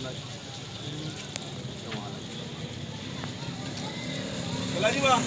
Kalau ni bang.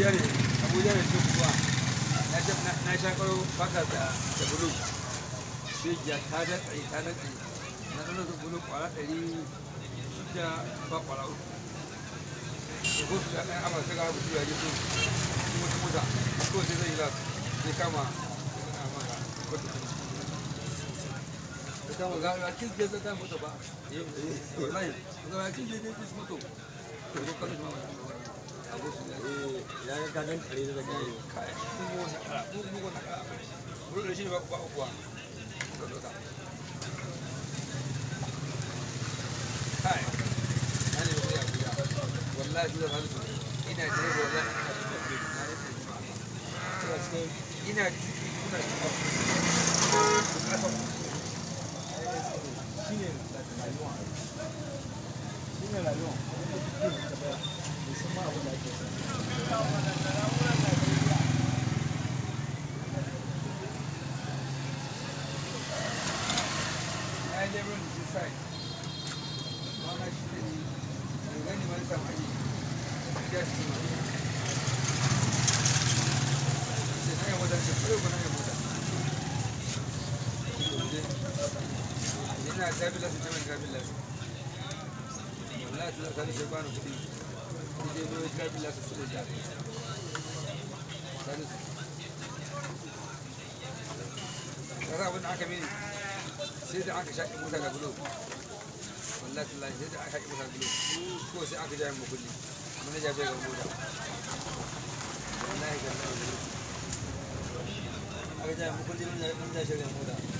jari. Abu jari tu kuat. Naisa naisa kalau pakar dah sebulu. Sejak hari hari hari ni, nanti nanti sebulu pula dari kita bawa pula. Khusus kan, apa sekarang Abu jari itu semua semua dah. Khusus itu ialah di kamera. Kamu gak yakin dia tetap foto pak? Iya, iya. Kamu gak yakin dia tetap foto? Kamu kalau cuma ka dan kare da daga kai wani kara da shi ba ba kuwa da ina da don't decide. One actually, when you want somebody, just to. Saya sai da aka shaƙi mota ga gulo wallahi tallahi sai da aka shaƙi mota ko sai aka jaye mu kulli bai ga mota wallahi ga aka jaye mu kulli mun mota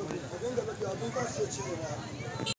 我跟这个表弟在一起的嘛。